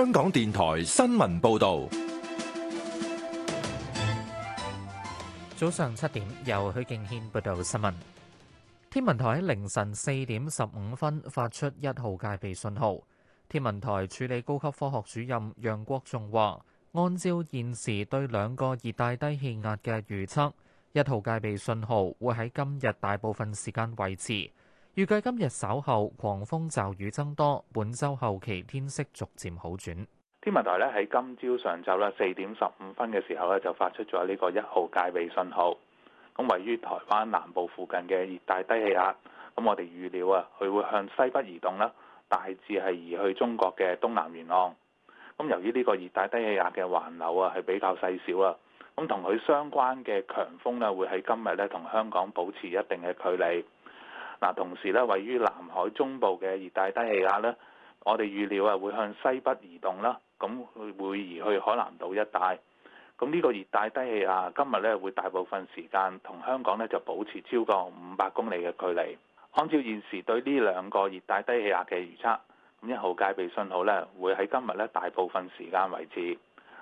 香港電台新聞報道，早上七點由許敬軒報道新聞。天文台喺凌晨四點十五分發出一號戒備信號。天文台處理高級科學主任楊國仲話，按照現時對兩個熱帶低氣壓嘅預測，一號戒備信號會喺今日大部分時間維持。預計今日稍後狂風驟雨增多，本週後期天色逐漸好轉。天文台呢喺今朝上晝呢四點十五分嘅時候呢就發出咗呢個一號戒備信號。咁位於台灣南部附近嘅熱帶低氣壓，咁我哋預料啊，佢會向西北移動啦，大致係移去中國嘅東南沿岸。咁由於呢個熱帶低氣壓嘅環流啊，係比較細小啊，咁同佢相關嘅強風呢，會喺今日呢同香港保持一定嘅距離。嗱，同時咧，位於南海中部嘅熱帶低氣壓咧，我哋預料啊會向西北移動啦，咁會移去海南島一帶。咁呢個熱帶低氣壓今日咧會大部分時間同香港咧就保持超過五百公里嘅距離。按照現時對呢兩個熱帶低氣壓嘅預測，咁一號戒備信號咧會喺今日咧大部分時間維持。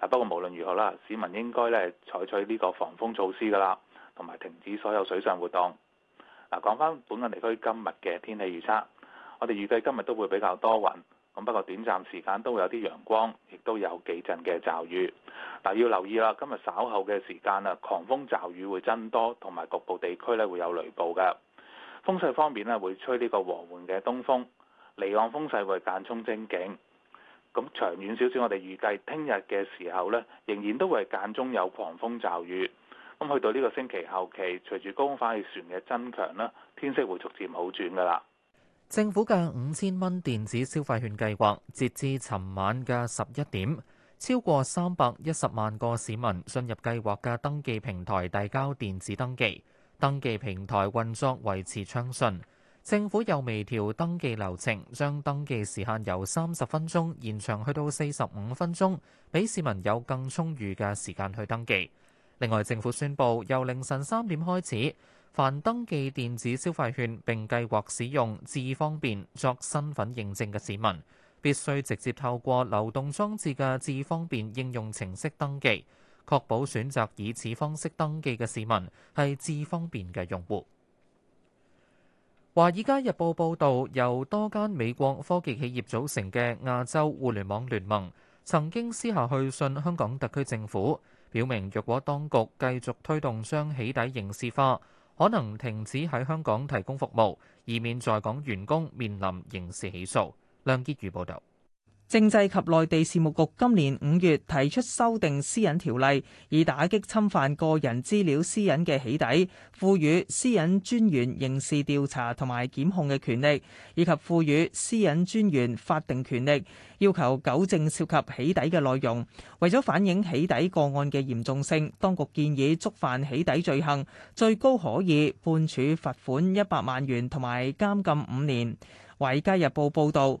嗱，不過無論如何啦，市民應該咧採取呢個防風措施㗎啦，同埋停止所有水上活動。嗱，講翻本港地區今日嘅天氣預測，我哋預計今日都會比較多雲，咁不過短暫時間都會有啲陽光，亦都有幾陣嘅驟雨。但，要留意啦，今日稍後嘅時間啊，狂風驟雨會增多，同埋局部地區咧會有雷暴嘅。風勢方面咧，會吹呢個和緩嘅東風，離岸風勢會間中清勁。咁長遠少少，我哋預計聽日嘅時候呢，仍然都會間中有狂風驟雨。咁去到呢個星期後期，隨住高空快船嘅增強啦，天色會逐漸好轉噶啦。政府嘅五千蚊電子消費券計劃，截至尋晚嘅十一點，超過三百一十萬個市民進入計劃嘅登記平台遞交電子登記。登記平台運作維持暢順，政府又微調登記流程，將登記時限由三十分鐘延長去到四十五分鐘，俾市民有更充裕嘅時間去登記。另外，政府宣布由凌晨三點開始，凡登記電子消費券並計劃使用智方便作身份認證嘅市民，必須直接透過流動裝置嘅智方便應用程式登記，確保選擇以此方式登記嘅市民係智方便嘅用戶。《華爾街日報》報道由多間美國科技企業組成嘅亞洲互聯網聯盟，曾經私下去信香港特區政府。表明，若果當局繼續推動將起底刑事化，可能停止喺香港提供服務，以免在港員工面臨刑事起訴。梁潔如報導。政制及內地事務局今年五月提出修訂私隱條例，以打擊侵犯個人資料私隱嘅起底，賦予私隱專員刑事調查同埋檢控嘅權力，以及賦予私隱專員法定權力，要求糾正涉及起底嘅內容。為咗反映起底個案嘅嚴重性，當局建議觸犯起底罪行，最高可以判處罰款一百萬元同埋監禁五年。《華爾街日報》報道。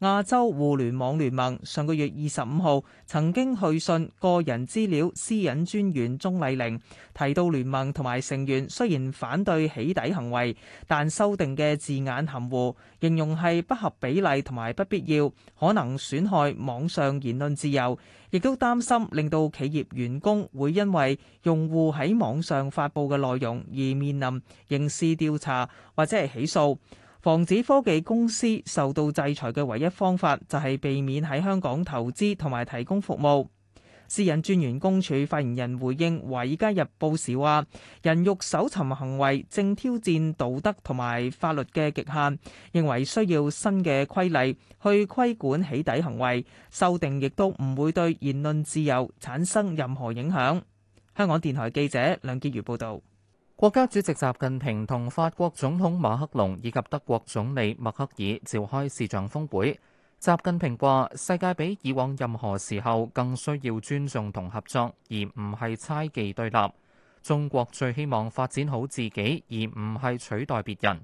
亞洲互聯網聯盟上個月二十五號曾經去信個人資料私隱專員鍾麗玲，提到聯盟同埋成員雖然反對起底行為，但修訂嘅字眼含糊，形容係不合比例同埋不必要，可能損害網上言論自由，亦都擔心令到企業員工會因為用戶喺網上發布嘅內容而面臨刑事調查或者係起訴。防止科技公司受到制裁嘅唯一方法就係避免喺香港投資同埋提供服務。私隱專員公署發言人回應《華爾街日報》時話人肉搜尋行為正挑戰道德同埋法律嘅極限，認為需要新嘅規例去規管起底行為，修訂亦都唔會對言論自由產生任何影響，香港電台記者梁潔如報道。國家主席習近平同法國總統馬克龍以及德國總理默克爾召開視像峰會。習近平話：世界比以往任何時候更需要尊重同合作，而唔係猜忌對立。中國最希望發展好自己，而唔係取代別人。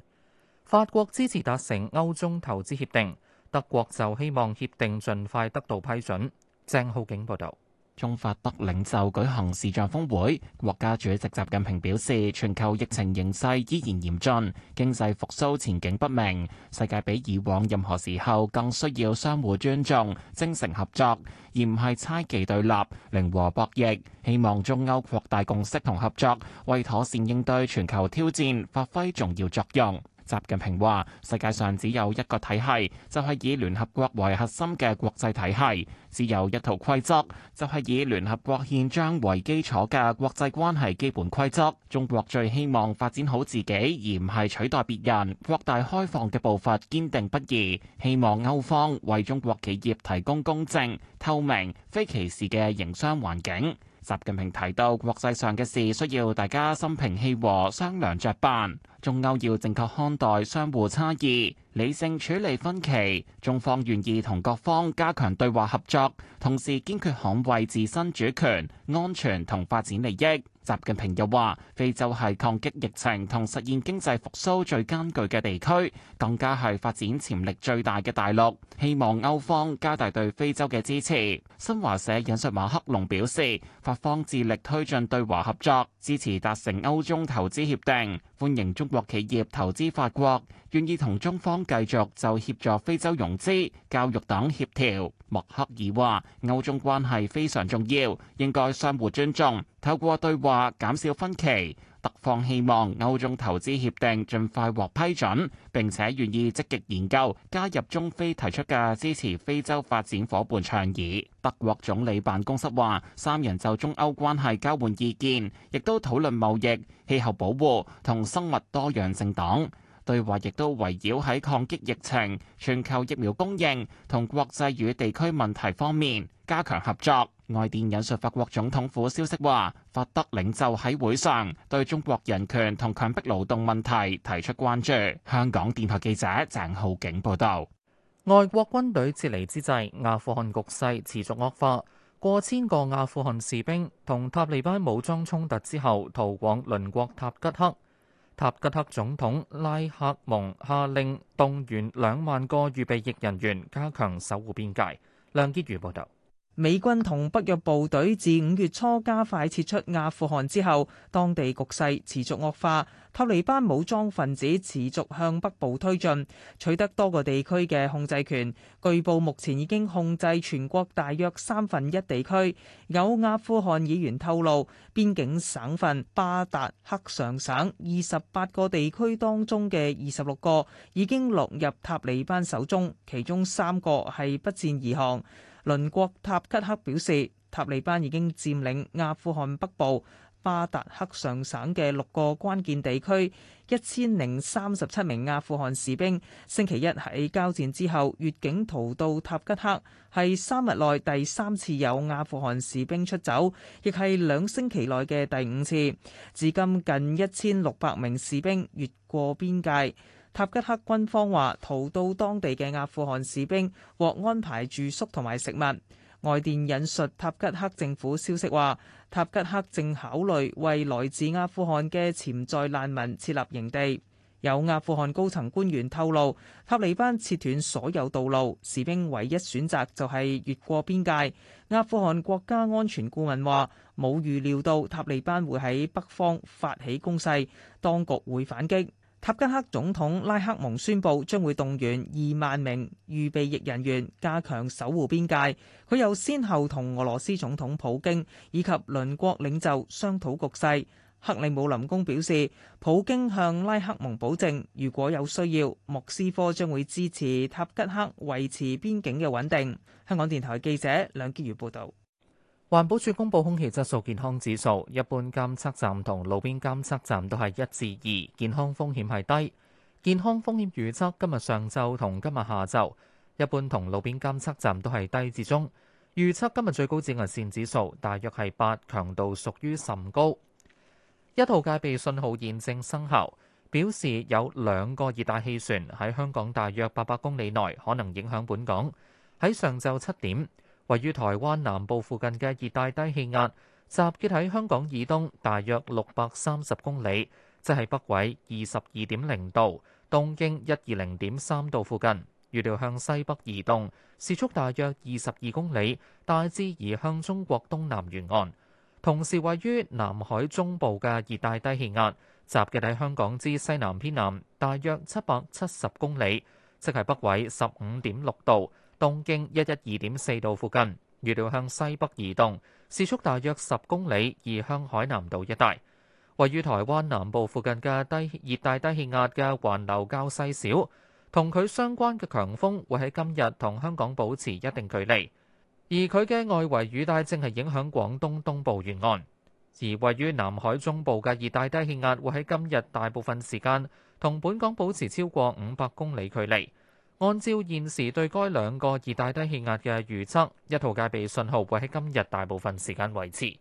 法國支持達成歐中投資協定，德國就希望協定盡快得到批准。鄭浩景報道。中法德領袖舉行視像峰會，國家主席習近平表示，全球疫情形勢依然嚴峻，經濟復甦前景不明，世界比以往任何時候更需要相互尊重、精誠合作，而唔係猜忌對立、零和博弈。希望中歐擴大共識同合作，為妥善應對全球挑戰發揮重要作用。習近平話：世界上只有一個體系，就係以聯合國為核心嘅國際體系，只有一套規則，就係以聯合國憲章為基礎嘅國際關係基本規則。中國最希望發展好自己，而唔係取代別人。擴大開放嘅步伐堅定不移，希望歐方為中國企業提供公正、透明、非歧視嘅營商環境。習近平提到，國際上嘅事需要大家心平氣和商量着辦，中歐要正確看待相互差異，理性處理分歧，中方願意同各方加強對話合作，同時堅決捍衛自身主權安全同發展利益。習近平又話：非洲係抗擊疫情同實現經濟復蘇最艱巨嘅地區，更加係發展潛力最大嘅大陸。希望歐方加大對非洲嘅支持。新華社引述馬克龍表示，法方致力推進對華合作，支持達成歐中投資協定，歡迎中國企業投資法國，願意同中方繼續就協助非洲融資、教育等協調。默克爾話：歐中關係非常重要，應該相互尊重。透過對話減少分歧，特方希望歐中投資協定盡快獲批准，並且願意積極研究加入中非提出嘅支持非洲發展伙伴倡議。德國總理辦公室話，三人就中歐關係交換意見，亦都討論貿易、氣候保護同生物多樣性等。對話亦都圍繞喺抗擊疫情、全球疫苗供應同國際與地區問題方面加強合作。外電引述法國總統府消息話，法德領袖喺會上對中國人權同強迫勞動問題提出關注。香港電台記者鄭浩景報道。外國軍隊撤離之際，阿富汗局勢持續惡化，過千個阿富汗士兵同塔利班武裝衝突之後逃往鄰國塔吉克。塔吉克總統拉克蒙下令動員兩萬個預備役人員加強守護邊界。梁潔如報道。美軍同北約部隊自五月初加快撤出阿富汗之後，當地局勢持續惡化。塔利班武裝分子持續向北部推進，取得多個地區嘅控制權。據報，目前已經控制全國大約三分一地區。有阿富汗議員透露，邊境省份巴達克尚省二十八個地區當中嘅二十六個已經落入塔利班手中，其中三個係不戰而降。鄰國塔吉克表示，塔利班已經佔領阿富汗北部巴達克上省嘅六個關鍵地區。一千零三十七名阿富汗士兵星期一喺交戰之後越境逃到塔吉克，係三日內第三次有阿富汗士兵出走，亦係兩星期內嘅第五次。至今近一千六百名士兵越過邊界。塔吉克軍方話，逃到當地嘅阿富汗士兵獲安排住宿同埋食物。外電引述塔吉克政府消息話，塔吉克正考慮為來自阿富汗嘅潛在難民設立營地。有阿富汗高層官員透露，塔利班切斷所有道路，士兵唯一選擇就係越過邊界。阿富汗國家安全顧問話，冇預料到塔利班會喺北方發起攻勢，當局會反擊。塔吉克總統拉克蒙宣布將會動員二萬名預備役人員加強守護邊界。佢又先後同俄羅斯總統普京以及鄰國領袖商討局勢。克里姆林宮表示，普京向拉克蒙保證，如果有需要，莫斯科將會支持塔吉克維持邊境嘅穩定。香港電台記者梁潔如報導。環保署公布空氣質素健康指數，一般監測站同路邊監測站都係一至二，健康風險係低。健康風險預測今日上晝同今日下晝，一般同路邊監測站都係低至中。預測今日最高紫外線指數大約係八，強度屬於甚高。一號戒備信號現正生效，表示有兩個熱帶氣旋喺香港大約八百公里內可能影響本港。喺上晝七點，位於台灣南部附近嘅熱帶低氣壓，集結喺香港以東大約六百三十公里，即係北緯二十二點零度、東經一二零點三度附近。預料向西北移動，時速大約二十二公里，大致移向中國東南沿岸。同時，位於南海中部嘅熱帶低氣壓，集結喺香港之西南偏南大約七百七十公里，即係北緯十五點六度。東經一一二點四度附近，預料向西北移動，時速大約十公里，而向海南島一帶。位於台灣南部附近嘅低熱帶低氣壓嘅環流較細小，同佢相關嘅強風會喺今日同香港保持一定距離。而佢嘅外圍雨帶正係影響廣東東部沿岸，而位於南海中部嘅熱帶低氣壓會喺今日大部分時間同本港保持超過五百公里距離。按照現時對該兩個熱帶低氣壓嘅預測，一號戒備信號會喺今日大部分時間維持。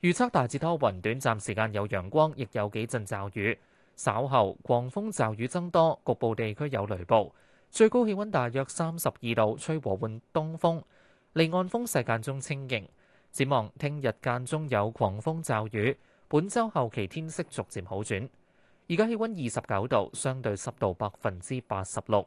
預測大致多雲，短暫時間有陽光，亦有幾陣驟雨。稍後狂風驟雨增多，局部地區有雷暴。最高氣温大約三十二度，吹和緩東風，離岸風勢間中清勁。展望聽日間中有狂風驟雨，本週後期天色逐漸好轉。而家氣温二十九度，相對濕度百分之八十六。